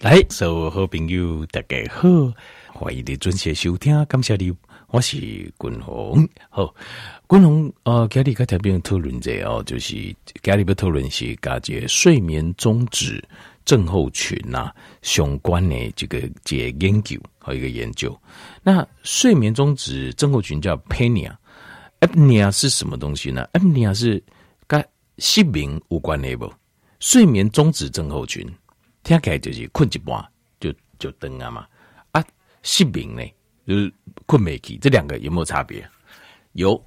來，所、so，有好朋友，大家好，歡迎你準時收聽。感謝你，我是君宏。好，君宏呃今天開頭邊討論者哦，就是今天要討論是加這睡眠中止症候群吶、啊、相關的這個這個研究和一個研究。那睡眠中止症候群叫 Penia，Apnea 是什麼東西呢？Apnea 是跟失眠有關的不？睡眠中止症候群。聽起來就是困一半就就斷了嘛，啊，失眠呢，就是困沒起，這兩個有沒有差別？有，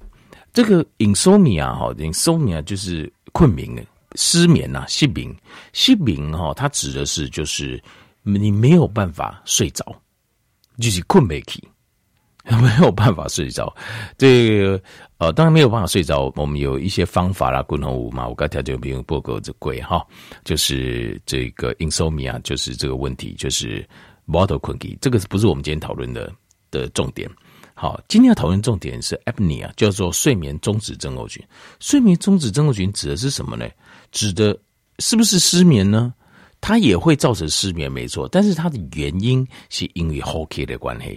這個 insomnia 哈 insomnia 就是困眠的失眠吶，失眠失眠哈，它，指的是就是你沒有辦法睡着，就是困沒起。沒有辦法睡着，這個呃當然沒有辦法睡着。我們有一些方法啦，滾同舞嘛。我剛調整，比如波格子鬼哈，就是這個 insomnia，就是這個問題，就是 m o t t i p l e 睏 k。這個是不是我們今天討論的的重點？好，今天要討論重點是 apnea，叫做睡眠中止症候群。睡眠中止症候群指的是什麼呢？指的是不是失眠呢？它也會造成失眠，沒錯。但是它的原因是因為 h o k y 的關係。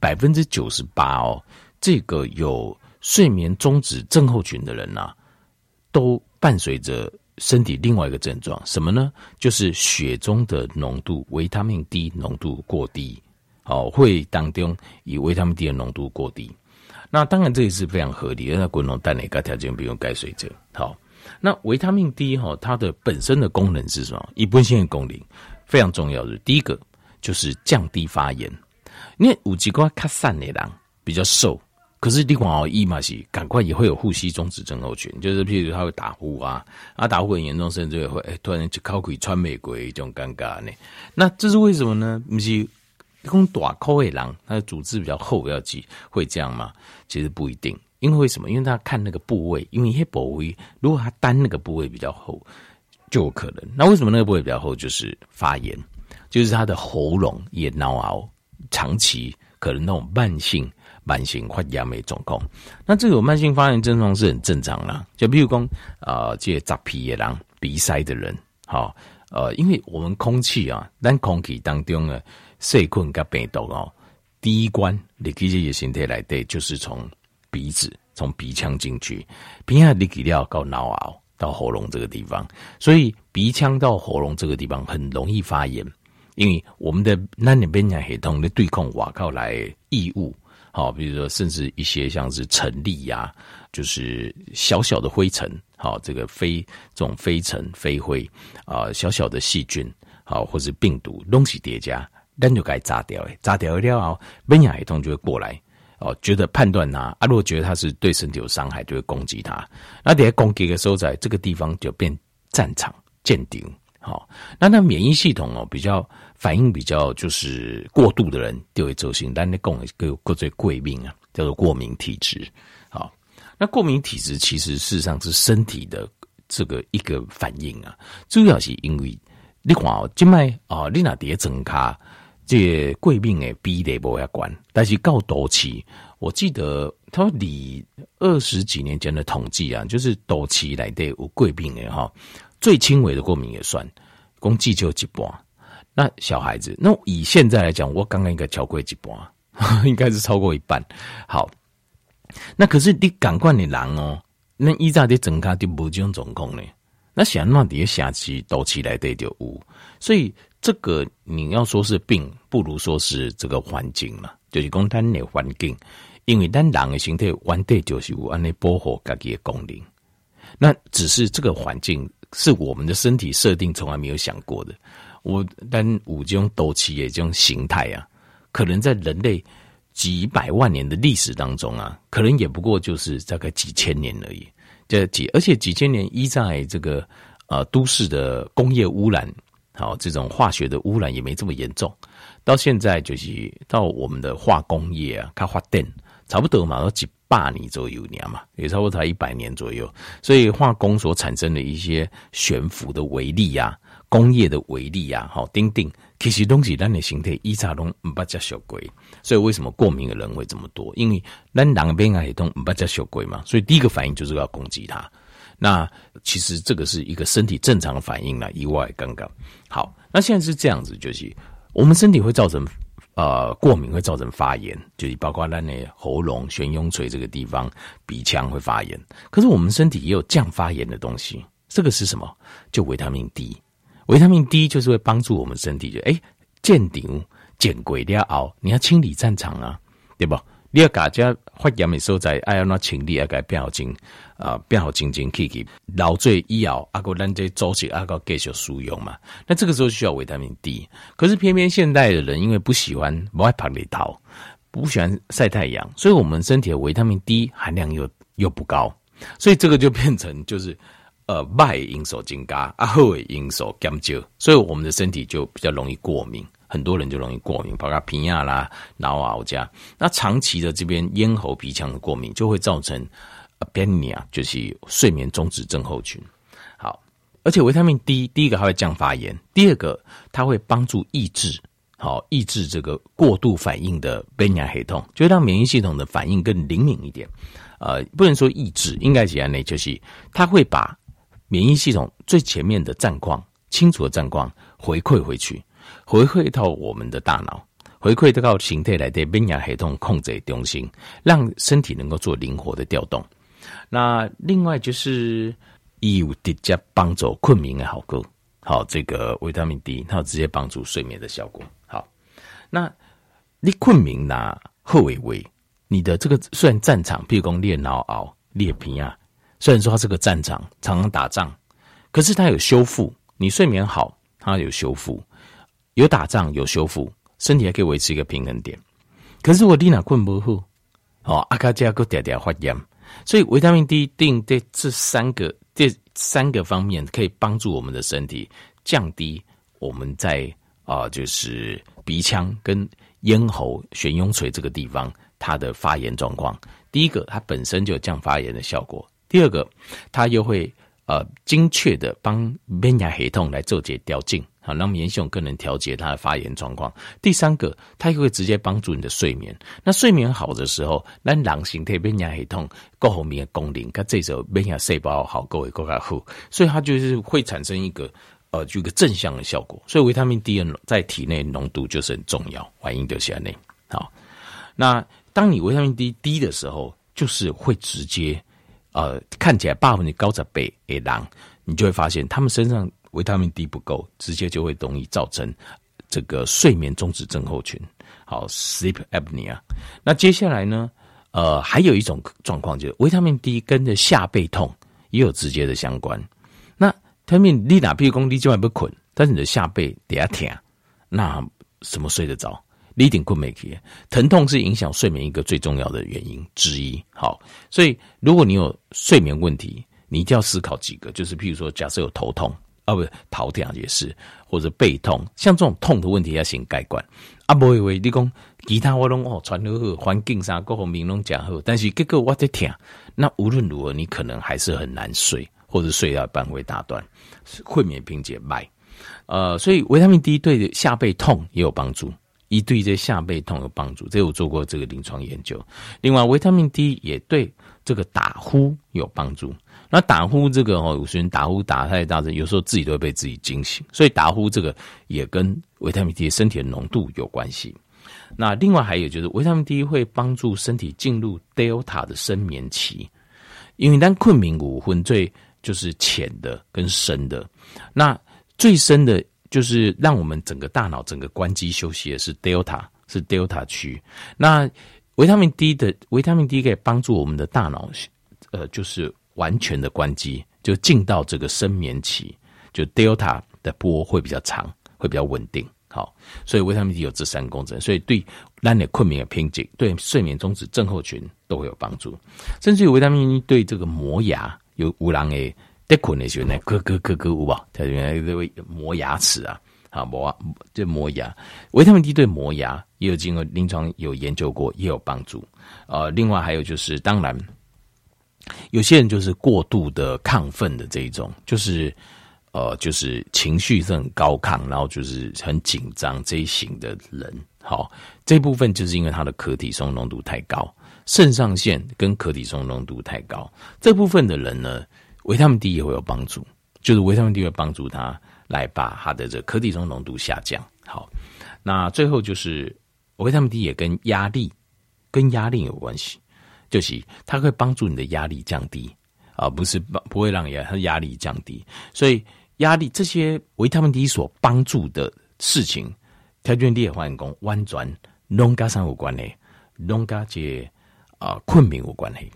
百分之九十八哦，這個有睡眠中止症候群的人吶、啊，都伴隨着身體另外一個症狀，什麼呢？就是血中的濃度維他命 D 濃度過低，哦，會當中以維他命 D 的濃度過低。那當然這也是非常合理的，那滾農帶哪個條件，不用鈣水者。好，那維他命 D 哈、哦，它的本身的功能是什麼？一般性的功能非常重要的第一個就是降低發炎。因為有幾個卡散的人比較瘦，可是你狂熬夜嘛是，趕快也會有呼吸中止症候群，就是譬如他會打呼啊，啊打呼很嚴重，甚至也會、欸、突然就靠鬼穿美國這種尷尬呢。那這是為什麼呢？不是一種大口的人，他的組織比較厚，比較擠，會這樣嗎？其實不一定，因為為什麼？因為他看那個部位，因為黑部威，如果他單那個部位比較厚，就有可能。那為什麼那個部位比較厚？就是發炎，就是他的喉嚨也鬧嗷。長期可能那種慢性、慢性發炎的狀況，那這種慢性發炎症狀是很正常的啦。就比如說啊、呃，這些扎皮的人、鼻塞的人，好，呃，因為我們空氣啊，當空氣當中的細菌跟病毒哦，第一關你給這些身體來對，就是從鼻子、從鼻腔進去，平後你給料到腦喉到喉嚨這個地方，所以鼻腔到喉嚨這個地方很容易發炎。因為我們的那裡面免疫系統，的對抗外靠來的異物，好，比如說甚至一些像是塵粒呀，就是小小的灰塵，好、這個，這個飛這種飛塵飛灰啊、呃，小小的細菌，好，或是病毒東西疊加，那就該炸掉的，炸掉了，免疫系統就會過來，哦，覺得判斷它，啊，如果覺得它是對身體有傷害，就會攻擊它。那在攻擊的時候，在這個地方就變戰場，見頂。好，那那免疫系統哦，比較反應比較就是過度的人，就會走心，但你講的各各最過敏啊，叫做過敏體質。好，那過敏體質其實事實上是身體的這個一個反應啊，主要是因為你看哦，金麥啊，你那跌整卡這過敏的比例不也關，但是到短期，我記得他離二十幾年前的統計啊，就是短期來的有過敏的哈。最輕微的過敏也算，共計就一半。那小孩子，那以現在來講，我剛剛應該超過一半， 應該是超過一半。好，那可是你感官的人哦、喔，那一照的整個的無種狀況呢？那想那底下下肢都起來的就無。所以這個你要說是病，不如說是這個環境嘛，就是講他的環境，因為咱人的身體原底就是有安尼保護家己的功能。那只是這個環境。是我們的身體設定從來沒有想過的。我但五種鬥氣也這種形態啊，可能在人類幾百萬年的歷史當中啊，可能也不過就是大概幾千年而已。這幾而且幾千年依在這個、呃、都市的工業污染，好、哦、這種化學的污染也沒這麼嚴重。到現在就是到我們的化工業啊、開發電，差不多嘛，都幾百。八年左右年嘛，也差不多才一百年左右，所以化工所產生的一些懸浮的微粒呀、啊，工業的微粒呀、啊，好丁丁，其實東西人的形態一查攏不加小鬼，所以為什麼過敏的人會這麼多？因為人兩邊啊也都不加小鬼嘛，所以第一個反應就是要攻擊他。那其實這個是一個身體正常的反應了，意外剛剛好。那現在是這樣子，就是我們身體會造成。呃，過敏會造成發炎，就是包括那你喉嚨、懸雍垂這個地方、鼻腔會發炎。可是我們身體也有降發炎的東西，這個是什麼？就維他命 D，維他命 D 就是會幫助我們身體，就誒，見頂見鬼，你要熬，你要清理戰場啊，對不？你要大家發炎的時候，在哎呀那清理啊變好精啊好精精去去，老醉、以後啊個咱在作息啊個繼續使用嘛。那這個時候需要維他命 D，可是偏偏現代的人因為不喜歡愛跑裡逃，不喜歡曬太陽，所以我們身體的維他命 D 含量又又不高，所以這個就變成就是呃外因素增加啊後因素減少，所以我們的身體就比較容易過敏。很多人就容易過敏，包括皮亞啦、撓啊、咬加。那長期的這邊咽喉、鼻腔的過敏，就會造成鼻炎啊，就是睡眠中止症候群。好，而且維他命 D，第一個它會降發炎，第二個它會幫助抑制，好、喔、抑制這個過度反應的鼻炎、黑痛，就會讓免疫系統的反應更靈敏一點。呃，不能說抑制，應該怎樣呢？就是它會把免疫系統最前面的戰況、清楚的戰況回饋回去。回饋到我們的大腦，回饋得到形態來的免疫系統控制中心，讓身體能夠做靈活的調動。那另外就是有直接幫助困眠的好歌，好這個維他命 D，它有直接幫助睡眠的效果。好，那你困眠呢？何偉偉，你的這個雖然戰場譬如說烈腦熬烈皮啊，雖然說他是個戰場，常常打仗，可是他有修復。你睡眠好，他有修復。有打仗，有修復，身體還可以維持一個平衡點。可是我立馬困不住哦，阿卡加個嗲嗲發炎，所以維他命 D 一定對這三個這三個方面可以幫助我們的身體降低我們在啊，就是鼻腔跟咽喉、懸雍垂這個地方它的發炎狀況。第一個，它本身就有降發炎的效果；第二個，它又會呃精確地幫咽牙核痛來做些調靜。讓免疫系統更能調節它的發炎狀況。第三個，它又會直接幫助你的睡眠。那睡眠好的時候，那染型特別變黑痛，各方面的功能，佮這時候變黑細胞好，各位更加好。所以它就是會產生一個，呃，就一個正向的效果。所以維他命 D 呢在體內濃度就是很重要。歡迎德下安好，那當你維他命 D 低的時候，就是會直接，呃，看起來大部你高則北嘅人，你就會發現他們身上。維他命 D 不夠，直接就會容易造成這個睡眠中止症候群，好，sleep apnea。那接下來呢？呃，還有一種狀況，就是維他命 D 跟着下背痛也有直接的相關。那他命立哪屁股工就之不困，但你的下背底下疼，那什麼睡得着？你一定困沒起，疼痛是影響睡眠一個最重要的原因之一。好，所以如果你有睡眠問題，你一定要思考幾個，就是譬如說，假設有頭痛。哦，啊、不，頭疼也是，或者背痛，像這種痛的問題要先改觀。啊不，不會，不會，你講其他我攏哦，環境上各方面都很好，但是結果我在痛，那無論如何你可能還是很難睡，或者睡到一半會打斷，睡眠品質壞。呃，所以維他命 D 對下背痛也有幫助。一對這下背痛有幫助，這我做過這個臨床研究。另外，維他命 D 也對這個打呼有幫助。那打呼這個哦，有些人打呼打太大聲，有時候自己都會被自己驚醒。所以打呼這個也跟維他命 D 的身體的濃度有關係。那另外還有就是維他命 D 會幫助身體進入 Delta 的睡眠期，因為當困眠谷分最就是淺的跟深的，那最深的。就是讓我們整個大腦整個關機休息的是 delta，是 delta 區，那維他命 D 的維他命 D 可以幫助我們的大腦，呃，就是完全的關機，就進到這個深眠期，就 delta 的波會比較長，會比較穩定。好，所以維他命 D 有這三個功能，所以對讓你困眠的瓶頸、對睡眠中止症候群都會有幫助，甚至於維他命 D 對這個磨牙有無蘭 A。得困的時候，那咯咯咯咯，有吧？它用來對磨牙齒啊，好磨，對磨牙。維他命 D 對磨牙也有經過臨床有研究過，也有幫助。呃，另外還有就是，當然，有些人就是過度的亢奮的這一種，就是呃，就是情緒是很高亢，然後就是很緊張，這一型的人。好，這部分就是因為他的可體松濃度太高，腎上腺跟可體松濃度太高，這部分的人呢，維他命 D 也會有幫助，就是維他命 D 會幫助他來把他的這可體松濃度下降。好，那最後就是維他命 D 也跟壓力跟壓力有關係，就是它會幫助你的壓力降低，而、呃、不是不會讓你的壓力降低。所以壓力這些維他命 D 所幫助的事情，調節也換工、彎轉、農加上有關的，農加這啊、個呃、困民有關係。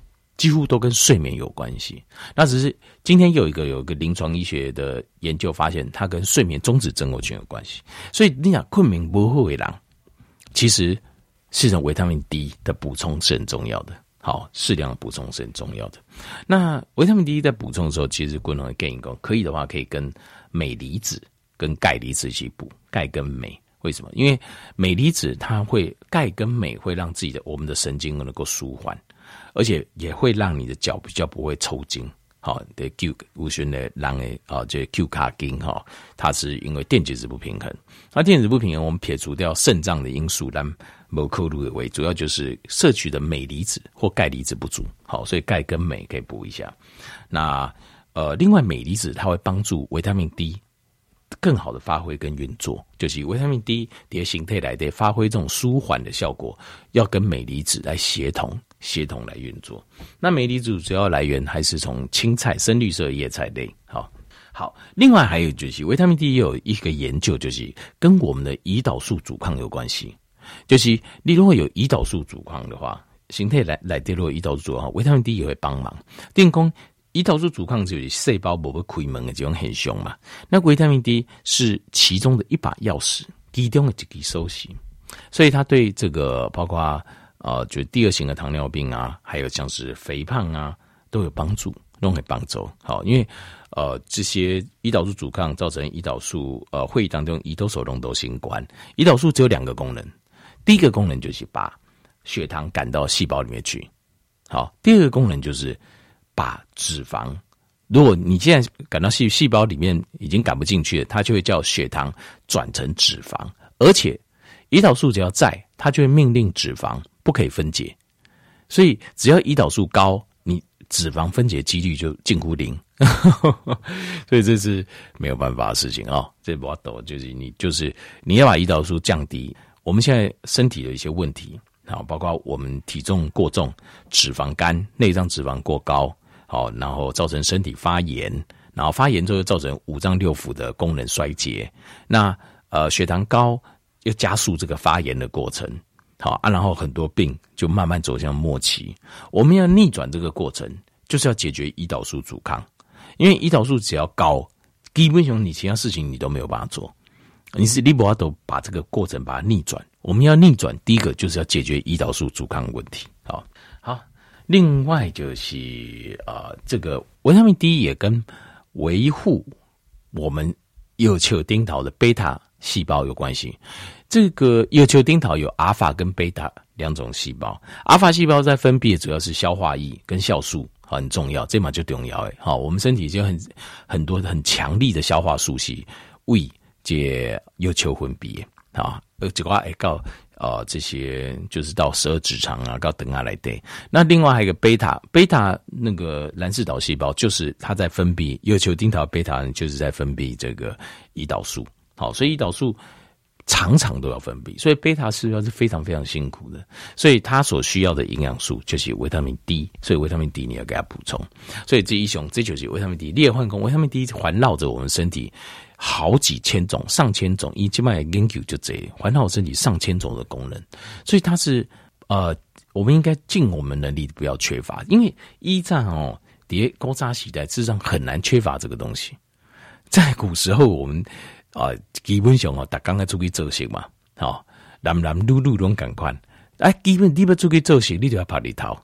幾乎都跟睡眠有關係，那只是今天有一個有一個臨床醫學的研究發現，它跟睡眠中止症候群有關係。所以你想昆明不會冷，其實，這種維他命 D 的補充是很重要的。好，適量的補充是很重要的。那維他命 D 在補充的時候，其實共同建議說，可以的話可以跟鎂離子、跟鈣離子一起補，鈣跟鎂。為什麼？因為鎂離子它會鈣跟鎂會讓自己的我們的神經能夠舒緩，而且也會讓你的腳比較不會抽筋。好、哦，的、哦就是、Q 無須的讓誒，啊，這 Q 卡筋哈，它是因為電解質不平衡。那電解質不平衡，我們撇除掉腎臟的因素，但某刻入為主要就是攝取的鎂離子或鈣離子不足。好、哦，所以鈣跟鎂可以補一下。那呃，另外鎂離子它會幫助維他命 D。更好的發揮跟運作，就是維他命 D，它的形態來得發揮這種舒緩的效果，要跟鎂離子來協同協同來運作。那鎂離子主要來源還是從青菜、深綠色葉菜類。好好，另外還有就是，維他命 D 也有一個研究，就是跟我們的胰島素阻抗有關係。就是你如果有胰島素阻抗的話，形態來來跌落胰島素阻抗的話，維他命 D 也會幫忙。電工。胰島素阻抗就是細胞無法開門的這種現象嘛。那維他命 D 是其中的一把鑰匙，其中的一個鑰匙，所以它對這個包括呃，就第二型的糖尿病啊，還有像是肥胖啊，都有幫助，都很幫助。好，因為呃，這些胰島素阻抗造成胰島素呃會議當中胰島素濃度相關。胰島素只有兩個功能，第一個功能就是把血糖趕到細胞裡面去，好，第二個功能就是。把脂肪，如果你現在感到細細胞裡面已經趕不進去了，它就會叫血糖轉成脂肪，而且胰島素只要在，它就會命令脂肪不可以分解。所以只要胰島素高，你脂肪分解幾率就近乎零。 所以這是沒有辦法的事情啊、喔！這不要抖，就是你就是你要把胰島素降低。我們現在身體的一些問題啊，包括我們體重過重、脂肪肝、內臟脂肪過高。好，然後造成身體發炎，然後發炎之後又造成五臟六腑的功能衰竭。那呃，血糖高又加速這個發炎的過程。好啊，然後很多病就慢慢走向末期。我們要逆轉這個過程，就是要解決胰島素阻抗。因為胰島素只要高，基本上你其他事情你都沒有辦法做。你是你步一都把這個過程把它逆轉。我們要逆轉，第一個就是要解決胰島素阻抗問題。另外就是啊、呃，這個維他命 D 也跟維護我們幽球丁桃的貝塔細胞有關係。這個幽球丁桃有阿爾法跟貝塔兩種細胞，阿爾法細胞在分泌主要是消化液跟酵素，哦、很重要。這嘛就重要好、哦，我們身體就很很多很強力的消化素系胃解幽球分泌啊，哦有呃、啊，這些就是到十二指腸啊，到等下來得。那另外還有一個貝塔，貝塔那個藍氏島細胞，就是它在分泌，有球丁島貝塔就是在分泌這個胰島素。好，所以胰島素。常常都要分泌，所以貝塔細胞是非常非常辛苦的，所以它所需要的營養素就是維他命 D，所以維他命 D 你要給它補充。所以這一種這一就是維他命 D，裂幻功維他命 D 環繞着我們身體好幾千種、上千種，一幾萬根球就這環繞我身體上千種的功能。所以它是呃，我們應該盡我們能力不要缺乏，因為一戰哦疊高扎時代，事實上很難缺乏這個東西，在古時候我們。啊、哦，基本上哦，大家要出去做事嘛，吼，男男女女攏共款。啊，基本你要出去做事，你就要曝日頭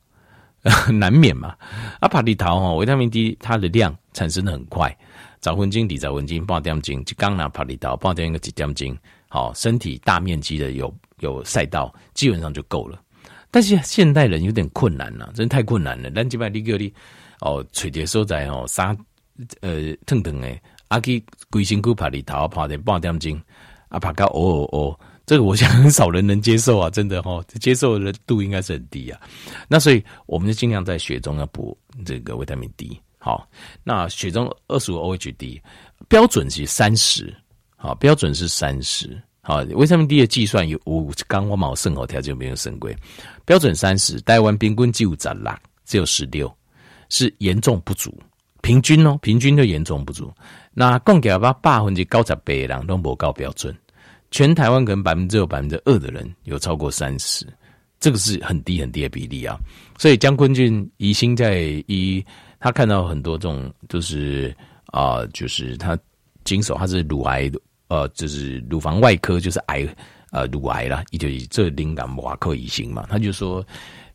呵呵，難免嘛。啊，曝日頭吼、哦，維他命 D 它的量產生的很快，早昏鐘、早昏鐘半點鐘，一工若曝日頭，半點一個一點鐘吼，身體大面積的有有曬到，基本上就夠了。但是現代人有點困難了、啊，真的太困難了，咱這馬你叫你哦，揣一個所在哦，啥呃騰騰的。阿基龜辛苦爬里塔爬點半點鐘，阿爬到，哦哦哦，這個我想很少人能接受啊，真的哈、哦，接受的人度應該是很低啊。那所以我們就盡量在血中要補這個維他命 D。好，那血中二十五 OHD 標準是三十，好，標準是三十。好，維他命 D 的計算有五剛，我毛生活條件沒有升貴，標準三十，台灣平均就斬啦，只有十六，是嚴重不足。平均哦，平均就嚴重不足。那供給了八百分之九十八的人都不夠標準，全台灣可能百分之，有百分之二的人有超過三十，這個是很低很低的比例啊。所以江坤俊醫師在一，他看到很多這種，就是啊、呃，就是他經手，他是乳癌，呃，就是乳房外科，就是癌，呃，乳癌啦，就這靈感外科醫師嘛，他就說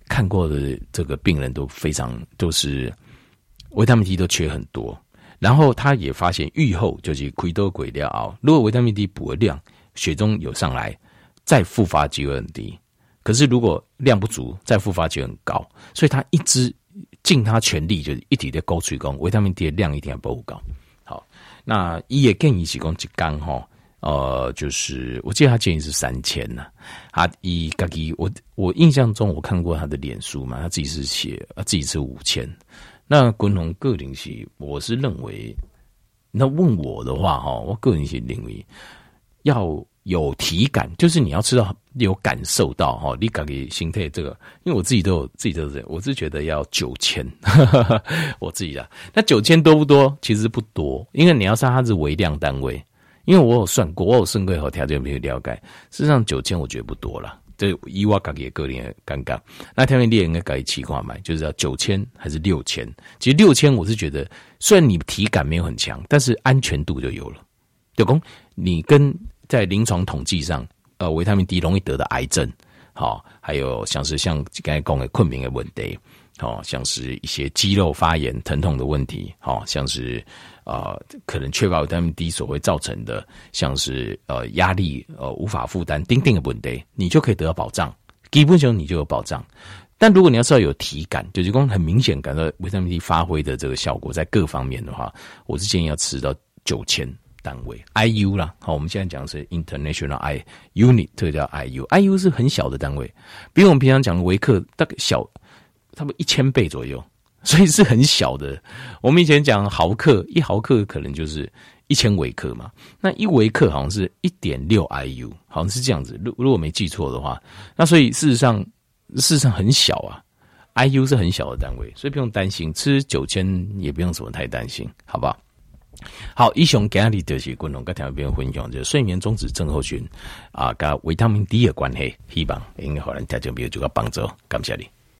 看過的這個病人都非常都、就是。維他命 D 都缺很多，然後他也發現預後，就是開刀開了，如果維他命 D 補的量，血中有上來，再復發機會很低。可是如果量不足，再復發就很高。所以他一直盡他全力，就是一體的鼓吹講維他命 D 的量一定要補夠。好，那伊也建議幾公幾公吼，呃，就是我記得他建議是三千吶。他伊我我印象中我看過他的臉書嘛，他自己是寫啊，他自己是五千。那個人，個人去，我是認為，那問我的話哈，我個人去認為要有體感，就是你要知道，有感受到哈，你感覺心態這個，因為我自己都有自己這人，我是覺得要九千，我自己啦。那九千多不多？其實不多，因為你要上它是微量單位，因為我有算過，國有升規和條件沒有了解，事實上九千我覺得不多啦。對，伊瓦格也個人尷尬。那維他命 D 應該改七塊買，就是要九千還是六千？其實六千我是覺得，雖然你體感沒有很強，但是安全度就有了。就說，你跟在臨床統計上，呃，維他命 D 容易得的癌症，好、哦，還有像是像剛才講的困眠的問題。哦，像是一些肌肉發炎、疼痛的問題；哦，像是啊、呃，可能缺乏維他命 D 所會造成的，像是呃壓力呃無法負擔，頂頂的不你就可以得到保障，基本上你就有保障。但如果你要知道有體感，就是光很明顯感到維他命 D 發揮的這個效果在各方面的話，我是建議要吃到九千單位 IU 啦。好、哦，我們現在講的是 International IU Unit, 特叫 IU，IU 是很小的單位，比我們平常講的維克大小。差不多一千倍左右，所以是很小的。我們以前講毫克，一毫克可能就是一千微克嘛。那一微克好像是一點六 I U，好像是這樣子。如如果沒記錯的話，那所以事實上事實上很小啊。I U 是很小的單位，所以不用擔心吃九千也不用什麼太擔心，好不好？好，醫生，給你，的系觀跟台灣分享就是、睡眠中止症候群啊，跟維他命 D 的關係，希望應該好能大家就沒這個幫助，感謝你。